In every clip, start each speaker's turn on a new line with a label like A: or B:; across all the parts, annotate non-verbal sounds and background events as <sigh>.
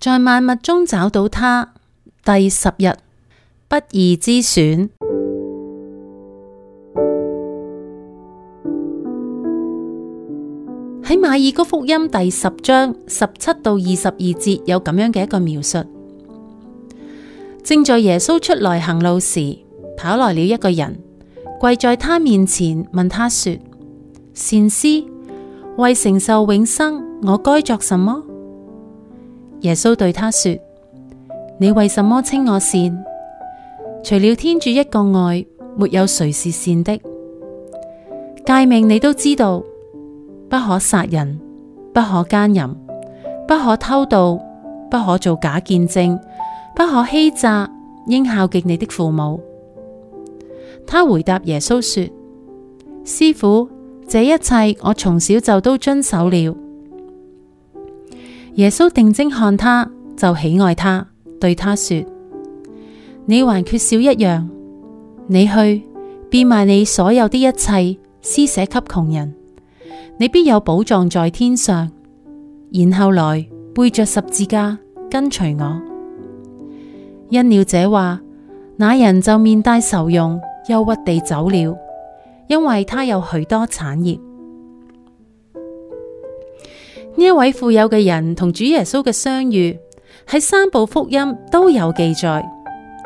A: 在萬物中找到祂，第十日不二之選。喺瑪爾谷福音第十章十七到二十二節有咁樣嘅一個描述。 <music> 正在耶穌出來行路時，跑來了一個人，跪在他面前問他說：善師，為承受永生，我該作什麼？耶穌對他說：你為什麼稱我善？除了天主一個外，沒有誰是善的。誡命你都知道：不可殺人，不可奸淫，不可偷盜，不可做假見證，不可欺詐，應孝敬你的父母。他回答耶穌說：師傅，這一切我從小就都遵守了。耶穌定睛看他，就喜愛他，對他說：你還缺少一樣，你去，變賣你所有的一切，施捨給窮人，你必有寶藏在天上。然後來，背着十字架，跟隨我。因了這話，那人就面帶愁容、憂鬱地走了，因為他有許多產業。呢一位富有嘅人同主耶穌嘅相遇，喺三部福音都有記載，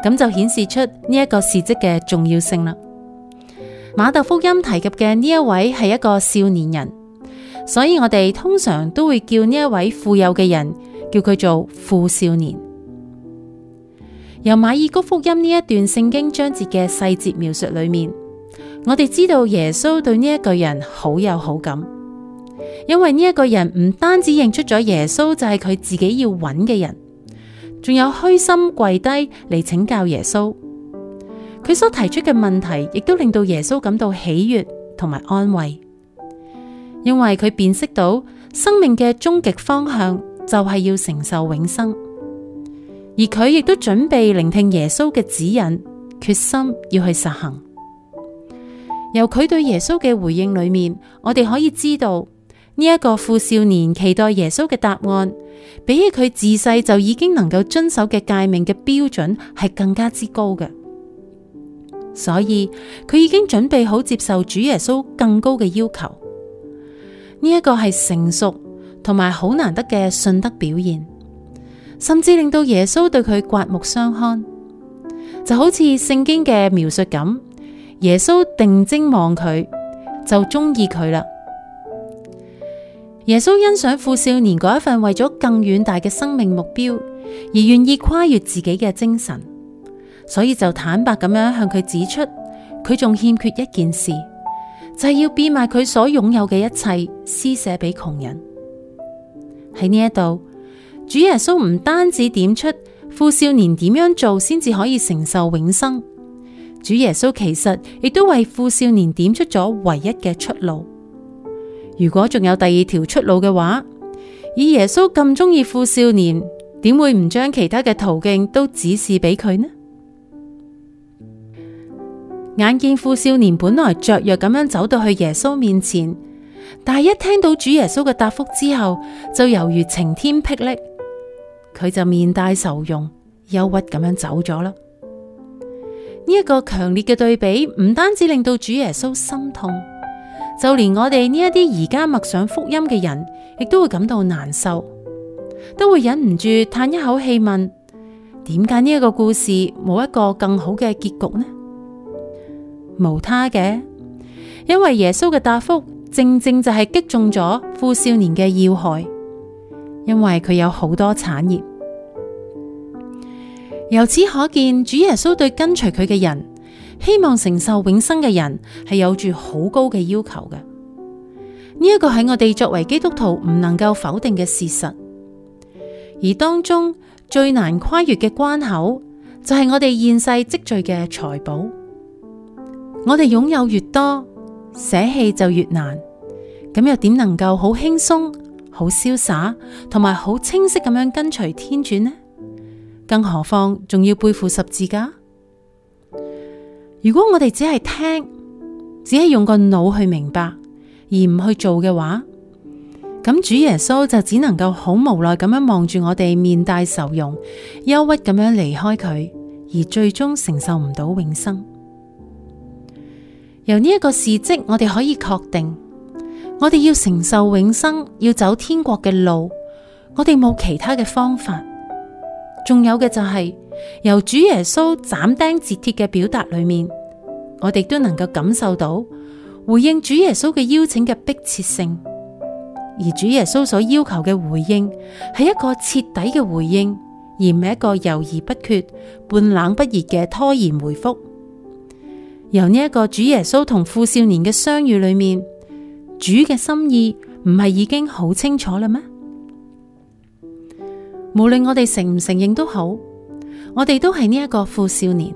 A: 咁就顯示出呢一個事跡嘅重要性啦。瑪竇福音提及嘅呢一位係一個少年人，所以我哋通常都會叫呢一位富有嘅人叫佢做富少年。由馬爾谷福音呢一段聖經章節嘅細節描述裏面，我哋知道耶穌對呢一個人好有好感。因為呢一個人唔單止認出咗耶穌，就係佢自己要揾嘅人，仲有虛心跪低嚟請教耶穌。佢所提出嘅問題，亦都令到耶穌感到喜悅同埋安慰，因為佢辨識到生命嘅終極方向就係要承受永生，而佢亦都準備聆聽耶穌嘅指引，決心要去實行。由佢對耶穌嘅回應裏面，我哋可以知道。呢一個富少年期待耶穌嘅答案，比起佢自細就已經能夠遵守嘅誡命嘅標準係更加之高嘅，所以佢已經準備好接受主耶穌更高嘅要求。呢一個係成熟同埋好難得嘅信德表現，甚至令到耶穌對佢刮目相看，就好似聖經嘅描述咁，耶穌定睛望佢就中意佢啦。耶穌欣賞富少年嗰一份為咗更遠大嘅生命目標而願意跨越自己嘅精神，所以就坦白咁樣向佢指出，佢仲欠缺一件事，就係要變賣佢所擁有嘅一切，施捨俾窮人。喺呢一度，主耶穌唔單止點出富少年點樣做先至可以承受永生，主耶穌其實亦都為富少年點出咗唯一嘅出路。如果仲有第二條出路嘅話，以耶穌咁中意富少年，點會唔將其他嘅途徑都指示俾佢呢？眼見富少年本來雀躍咁樣走到去耶穌面前，但係一聽到主耶穌嘅答覆之後，就猶如晴天霹靂，佢就面帶愁容，憂鬱咁樣走咗啦。呢一個強烈嘅對比，唔單止令到主耶穌心痛。就連我哋呢一啲而家默想福音嘅人，亦都會感到難受，都會忍唔住嘆一口氣，問：點解呢一個故事冇一個更好嘅結局呢？無他嘅，因為耶穌嘅答覆正正就係擊中咗富少年嘅要害，因為佢有好多產業。由此可見，主耶穌對跟隨佢嘅人，希望承受永生嘅人係有住好高嘅要求嘅，呢一個係我哋作為基督徒唔能夠否定嘅事實。而當中最難跨越嘅關口就係我哋現世積聚嘅財寶，我哋擁有越多，捨棄就越難。咁又點能夠好輕鬆、好瀟灑同埋好清晰咁樣跟隨天主呢？更何況仲要背負十字架。如果我哋只係聽，只係用個腦去明白而唔去做嘅話，咁主耶穌就只能夠好無奈咁樣望住我哋面帶愁容，憂鬱咁樣離開佢，而最終承受唔到永生。由呢一個事跡，我哋可以確定，我哋要承受永生，要走天國嘅路，我哋冇其他嘅方法。仲有嘅就係、是。由主耶穌斬釘截鐵嘅表達裏面，我哋都能夠感受到回應主耶穌嘅邀請嘅迫切性，而主耶穌所要求嘅回應係一個徹底嘅回應，而唔係一個猶疑不決、半冷不熱嘅拖延回覆。由呢一個主耶穌同富少年嘅相遇裏面，主嘅心意唔係已經好清楚啦咩？無論我哋承唔承認都好。我哋都係呢一個富少年，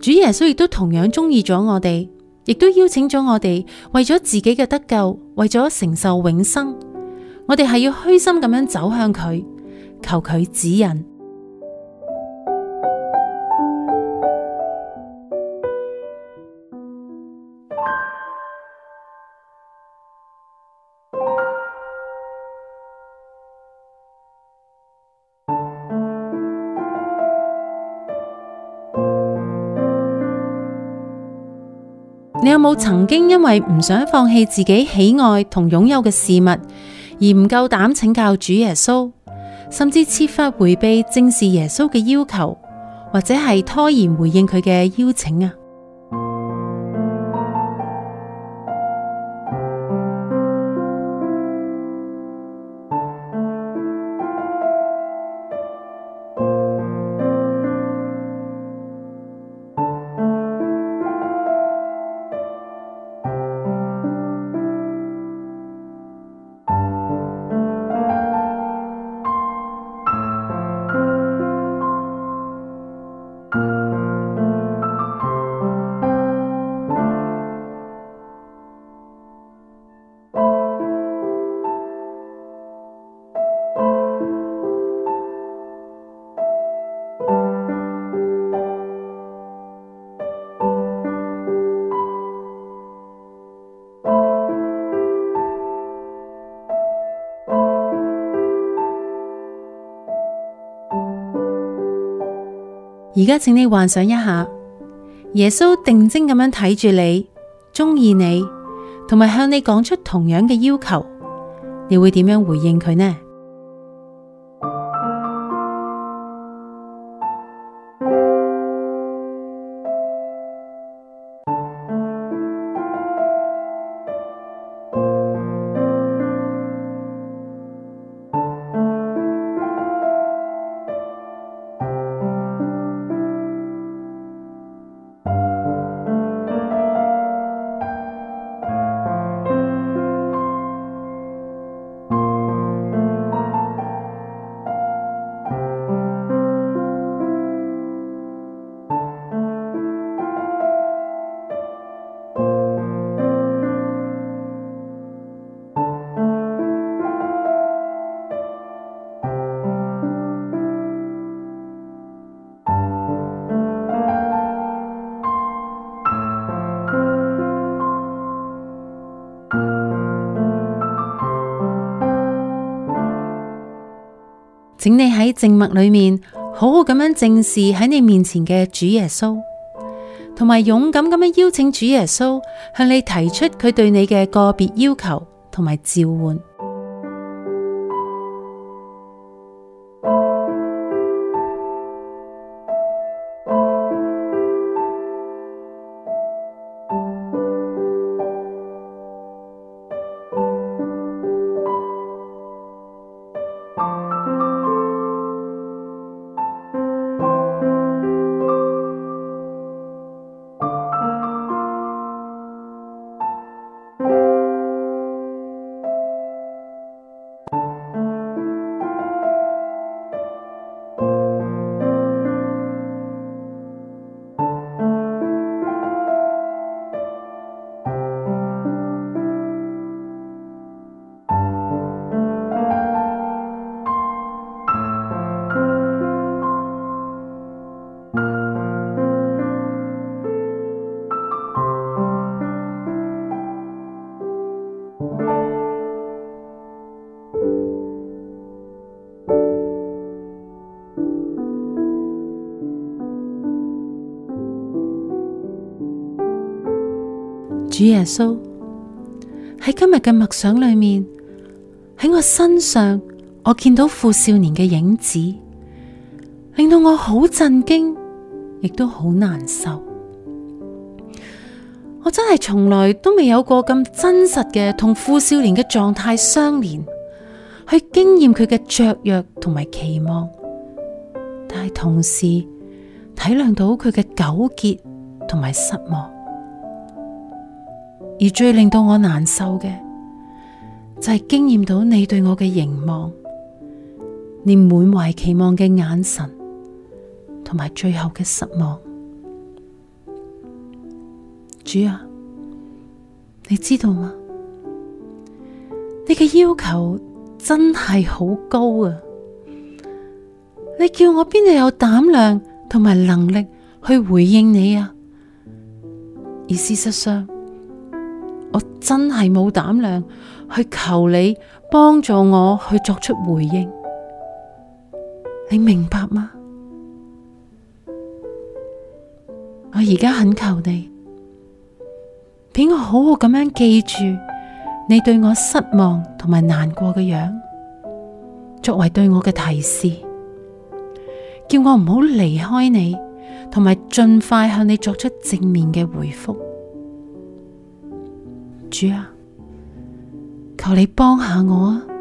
A: 主耶穌亦都同樣鍾意咗我哋，亦都邀請咗我哋，為咗自己嘅得救，為咗承受永生，我哋係要虛心咁樣走向佢，求佢指引。你有冇曾經因為唔想放棄自己喜愛同擁有嘅事物，而唔夠膽請教主耶穌，甚至設法回避正視耶穌嘅要求，或者係拖延回應佢嘅邀請啊？而家請你幻想一下，耶穌定睛咁樣睇住你，中意你，同埋向你講出同樣嘅要求，你會點樣回應佢呢？請你喺靜默裏面，好好咁樣正視喺你面前嘅主耶穌，同埋勇敢咁樣邀請主耶穌向你提出佢對你嘅個別要求同埋召喚。主耶穌，喺今日嘅默想裏面，喺我身上，我見到富少年嘅影子，令到我好震驚，亦都好難受。我真係從來都未有過咁真實嘅同富少年嘅狀態相連，去經驗佢嘅雀躍同埋期望，但係同時體諒到佢嘅糾結同埋失望。而最令到我難受嘅，就係經驗到你對我嘅凝望，你滿懷期望嘅眼神，同埋最後嘅失望。主啊，你知道嗎？你嘅要求真係好高啊！你叫我邊度有膽量同埋能力去回應你啊？而事實上，我真係冇膽量去求你幫助我去作出回應，你明白嗎？我而家懇求你，俾我好好咁樣記住你對我失望同埋難過嘅樣，作為對我嘅提示，叫我唔好離開你，同埋盡快向你作出正面嘅回覆。主啊，求你幫下我啊！